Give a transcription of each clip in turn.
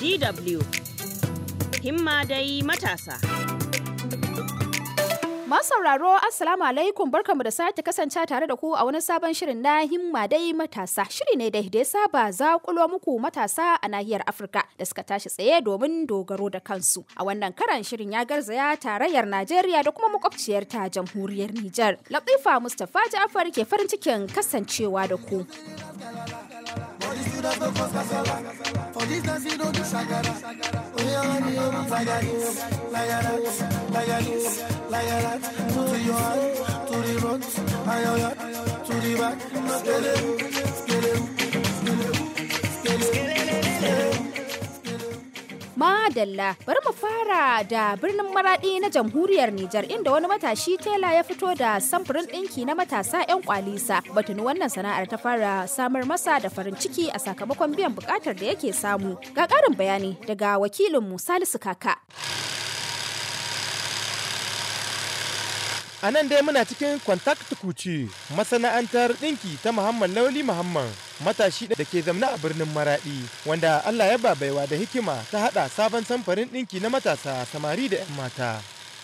DW himma dai matasa. sauraro Assalamu alaikum barkamu da sake kasance tare da ku a wani sabon shirin na himma dai matasa shiri ne da ya saba kulo muku matasa a nahiyar Afirka da suka tashi tsaye domin dogaro da kansu. A wannan karan shirin ya garzaya tarayyar Najeriya da kuma makwabciyar ta jamhuriyar Nijar. Latifa Mustapha Ja'far ke farin cikin kasancewa da ku. the students no cause kasala. For this dance we don't do We Oye wani yo lagari, lagara, lagari, lagara. To the yard, to the front, to the back. No pele, Madalla bari mu fara da birnin Maradi na jamhuriyar Nijar inda wani matashi tela ya fito da samfurin ɗinki na matasa 'yan kwalisa. Batun wannan sana'ar ta fara samar masa da farin ciki a sakamakon biyan bukatar da yake samu. Ga ƙarin bayani daga wakilin Salisu Kaka. A nan dai muna cikin Contact Kuci, masana'antar ɗinki ta Muhammad Lauli Muhammad, matashi da ke zamna a birnin Maraɗi, wanda Allah ya ba baiwa da hikima ta haɗa sabon samfarin ɗinki na matasa samari da 'yan mata.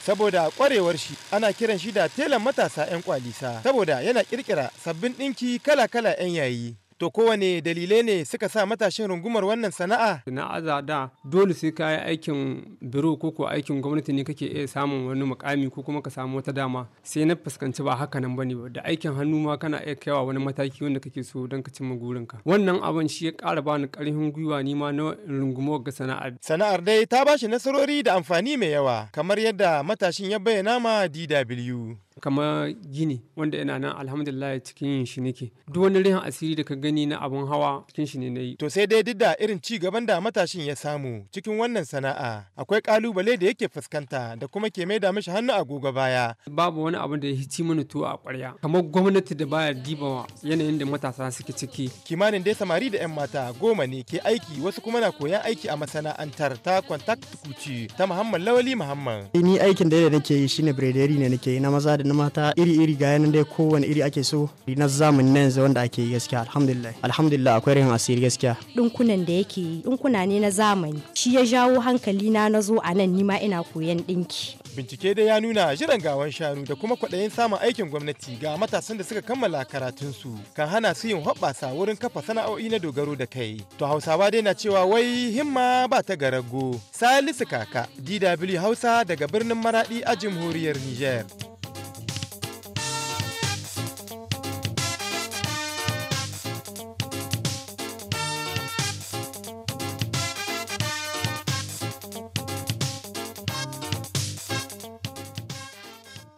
Saboda ƙwarewar shi ana kiran shi da telan matasa 'yan kwalisa, saboda yana ƙirƙira sabbin ɗinki kala-kala 'yan yayi. To kowane dalilai ne suka sa matashin rungumar wannan sana'a? Na azada dole sai ka yi aikin biro ko ko aikin gwamnati ne kake iya samun wani mukami ko kuma ka samu wata dama. Sai na fuskanci ba haka nan bane da aikin hannu ma kana iya kaiwa wani mataki wanda kake so don ka cimma gurinka. Wannan abin shi ya ƙara bani ƙarfin gwiwa ni ma na rungumar ga sana'ar. Sana'ar dai ta bashi nasarori da amfani mai yawa kamar yadda matashin ya bayyana ma DW. kamar gini wanda yana nan alhamdulillah cikin yin shi nake duk wani rihan asiri da ka gani na abun hawa cikin shi ne na yi to sai dai duk da irin ci gaban da matashin ya samu cikin wannan sana'a akwai kalubale da yake fuskanta da kuma ke mai maida mishi hannu a gogo baya babu wani abin da ya ci mana tuwo a kwarya kamar gwamnati da baya dibawa yanayin da matasa suke ciki kimanin dai samari da yan mata goma ne ke aiki wasu kuma na koyan aiki a masana'antar ta contact kuci ta muhammad lawali muhammad ni aikin da nake yi shine braderi ne nake yi na maza da na mata iri-iri ga yanan dai kowane iri ake so na zamani na yanzu wanda ake yi gaskiya alhamdulillah alhamdulillah akwai rin asiri gaskiya dinkunan da yake yi dinkuna ne na zamani shi ya jawo hankali na nazo a nan nima ina koyan dinki bincike dai ya nuna jiran gawan shanu da kuma kwaɗayin samun aikin gwamnati ga matasan da suka kammala karatunsu kan hana su yin hoɓɓasa wurin kafa sana'o'i na dogaro da kai to hausawa dai na cewa wai himma ba ta garago salisu kaka dw hausa daga birnin maradi a jamhuriyar niger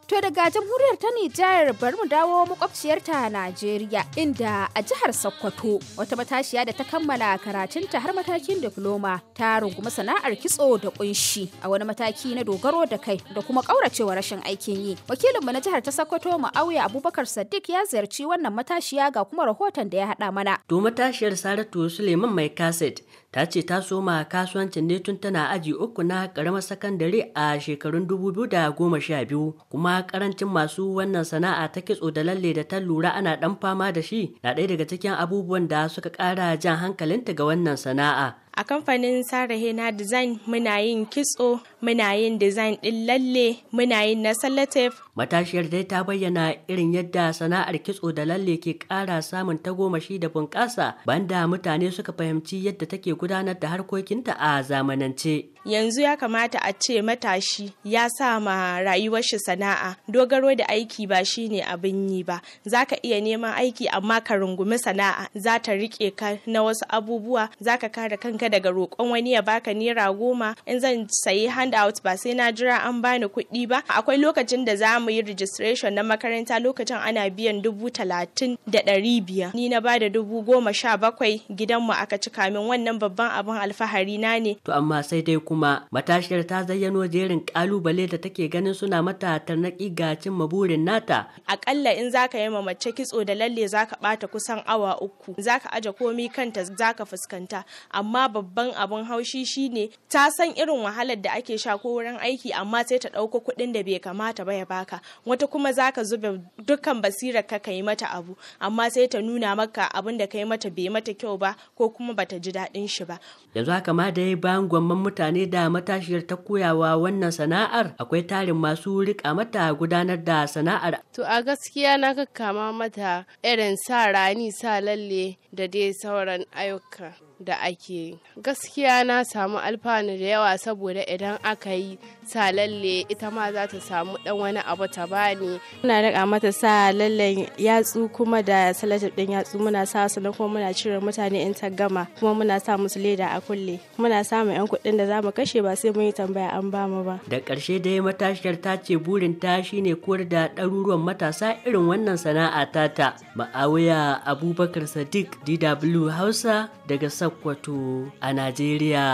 To daga jamhuriyar ta Nijar bari mu dawo makwabciyar ta Najeriya inda a jihar Sokoto wata matashiya da ta kammala karatun ta har matakin diploma ta runguma sana'ar kitso da kunshi a wani mataki na dogaro da kai da kuma kauracewa rashin aikin yi. Wakilinmu na jihar ta Sokoto auya Abubakar Sadiq ya ziyarci wannan matashiya ga kuma rahoton da ya hada mana. To matashiyar Saratu Suleiman mai kaset ta ce ta soma kasuwancin ne tun tana aji uku na karamar sakandare a shekarun 2012 kuma karancin masu wannan sana'a ta kitso da lalle da ta lura ana dan fama da shi na ɗaya daga cikin abubuwan da suka ƙara jan hankalinta ga wannan sana'a a kamfanin sarahena design muna yin kitso muna yin design ɗin lalle muna yin na salatif matashiyar dai ta bayyana irin yadda sana'ar kitso da lalle ke ƙara samun tagomashi da bunƙasa banda mutane suka fahimci yadda take gudanar da harkokinta a zamanance yanzu ya kamata a ce matashi ya sa ma rayuwar shi sana'a dogaro da aiki ba shine abin yi ba zaka iya neman aiki amma ka rungumi sana'a za ta rike ka na wasu abubuwa zaka ka kare kanka daga roƙon wani ya baka naira goma in zan sayi hand handout ba sai na jira an bani kuɗi ba akwai lokacin da za mu yi registration na makaranta lokacin ana biyan dubu talatin da ɗari biyar ni na bada dubu goma sha bakwai gidanmu aka ci kamin wannan babban abin alfahari na ne to amma sai dai kuma matashiyar ta zayyano jerin kalubale da take ganin suna mata tarnaki ga ma burin nata akalla in zaka yi ma mace kitso da lalle zaka bata kusan awa uku zaka aje komi kanta zaka fuskanta amma babban abun haushi shine ta san irin wahalar da ake sha ko wurin aiki amma sai ta ɗauko kuɗin da bai kamata ba ya baka wata kuma zaka zuba dukkan basirar ka kai mata abu amma sai ta nuna maka abin da kai mata bai mata kyau ba ko kuma bata ji daɗin shi ba yanzu haka ma dai bayan gwamman mutane mutane da matashiyar ta koyawa wannan sana'ar akwai tarin masu rika mata gudanar da sana'ar. To a gaskiya na kakkama mata irin sa rani sa lalle da dai sauran ayyuka. da ake gaskiya na samu alfanu da yawa saboda idan aka yi sa lalle ita ma za ta samu dan wani abu ta bani muna raka mata sa lallen yatsu kuma da salatar din yatsu muna sa su na kuma muna cire mutane in ta gama kuma muna sa musu leda a kulle muna samun yan kuɗin da zamu kashe ba sai mun yi tambaya an ba mu ba da karshe dai matashiyar ta ce burin ta shine koyar da ɗaruruwan matasa irin wannan sana'a ta ta: ma'awiya abubakar sadiq dw hausa daga sau Sakkwato a Najeriya.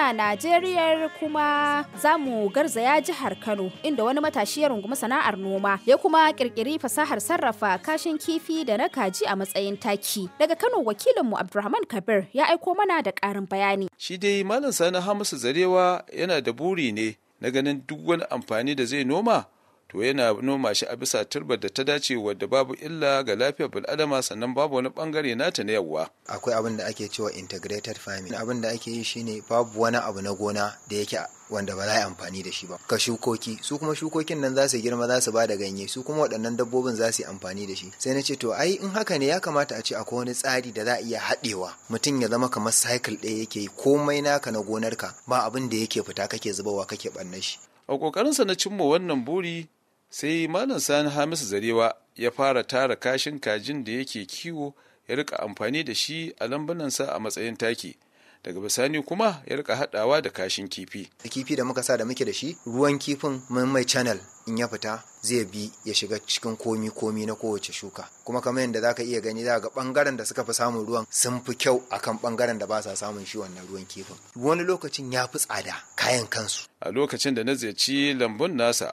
muna Najeriya kuma zamu mu garzaya jihar Kano inda wani matashi ya rungumi sana'ar noma ya kuma kirkiri fasahar sarrafa kashin kifi da na kaji a matsayin taki. Daga Kano wakilinmu Abdulrahman Kabir ya aiko mana da karin bayani. Shi dai Malam Sani Hamisu Zarewa yana da buri ne na ganin duk wani amfani da zai noma to yana noma shi a bisa turbar da ta dace wadda babu illa ga lafiyar bil'adama sannan babu wani bangare nata na yawa akwai abin da ake cewa integrated farming abin da ake yi shine babu wani abu na gona da yake wanda ba za a amfani da shi ba ka shukoki su kuma shukokin nan za su girma za su ba da ganye su kuma waɗannan dabbobin za su yi amfani da shi sai na ce to ai in haka ne ya kamata a ce akwai wani tsari da za a iya haɗewa mutum ya zama kamar cycle ɗaya yake yi komai naka na gonarka ba abin da yake fita kake zubawa kake ɓannar shi a ƙoƙarinsa na cimma wannan buri sai malam sani hamisu zarewa ya fara tara kashin kajin da yake kiwo ya rika amfani da shi a lambunansa a matsayin taki daga bisani kuma ya rika haɗawa da kashin kifi Da kifi da muka sa da muke da shi ruwan kifin mai channel in ya fita zai bi ya shiga cikin komi komi na kowace shuka kuma kamar yadda zaka iya gani za ga bangaren da suka fi samun ruwan sun fi kyau akan bangaren da ba sa samun shi wannan ruwan kifin wani lokacin ya fi tsada kayan kansu a lokacin da na ziyarci lambun nasa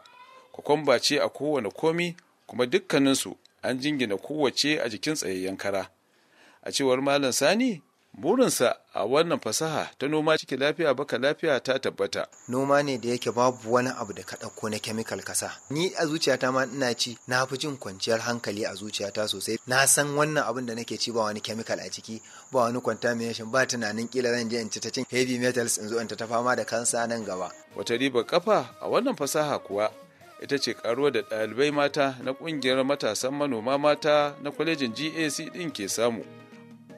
kwakwamba ce a kowane komi kuma dukkaninsu an jingina kowace a jikin tsayayyen kara a cewar malam sani burinsa a wannan fasaha ta noma ciki lafiya baka lafiya ta tabbata noma ne da yake babu wani abu da ka ɗauko na kemikal kasa ni a zuciyata ma ina ci na fi jin kwanciyar hankali a zuciyata sosai na san wannan abin da nake ci ba wani kemikal a ciki ba wani contamination ba tunanin kila zan je in ci ta cin heavy metals in zo in ta fama da kansa nan gaba wata riba kafa a wannan fasaha kuwa ita ce karuwa da ɗalibai mata na ƙungiyar matasan manoma mata na kwalejin gac ɗin ke samu.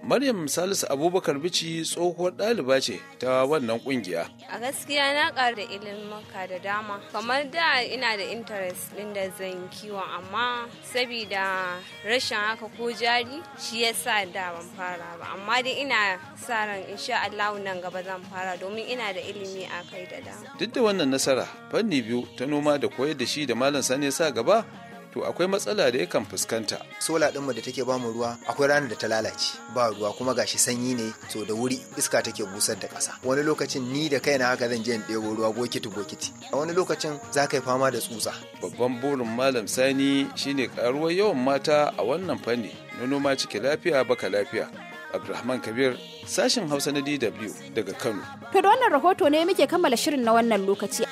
Maryam Salisu Abubakar Bici tsohuwar ɗaliba ce ta wannan kungiya. A gaskiya na ƙara da ilimuka da dama. Kamar da ina da interest ɗin da zan kiwon amma sabida rashin haka ko jari shi ya sa da ban fara ba. Amma dai ina sa ran insha Allah nan gaba zan fara domin ina da ilimi a kai da dama. Duk da wannan nasara fanni biyu ta noma da koyar da shi da Malam Sani sa gaba to akwai matsala da yakan fuskanta sola ɗinmu da take bamu ruwa akwai rana da ta lalace ba ruwa kuma gashi sanyi ne to da wuri iska take busar da ƙasa wani lokacin ni da kaina haka zan je in ɗebo ruwa bokiti bokiti a wani lokacin za ka yi fama da tsutsa babban burin malam sani shine karuwar yawan mata a wannan fanni na noma cike lafiya baka lafiya Abdulrahman Kabir sashen Hausa na DW daga Kano. To da wannan rahoto ne muke kammala shirin na wannan lokaci.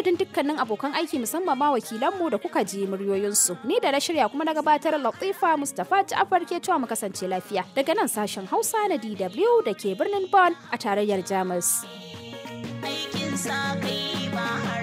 madadin dukkanin abokan aiki musamman ma wakilanmu da kuka ji muryoyinsu. Ni da na shirya kuma na gabatar Latifa Mustapha ta ke cewa mu kasance lafiya daga nan sashen Hausa na DW da ke birnin Bonn a tarayyar Jamus. Aikin ba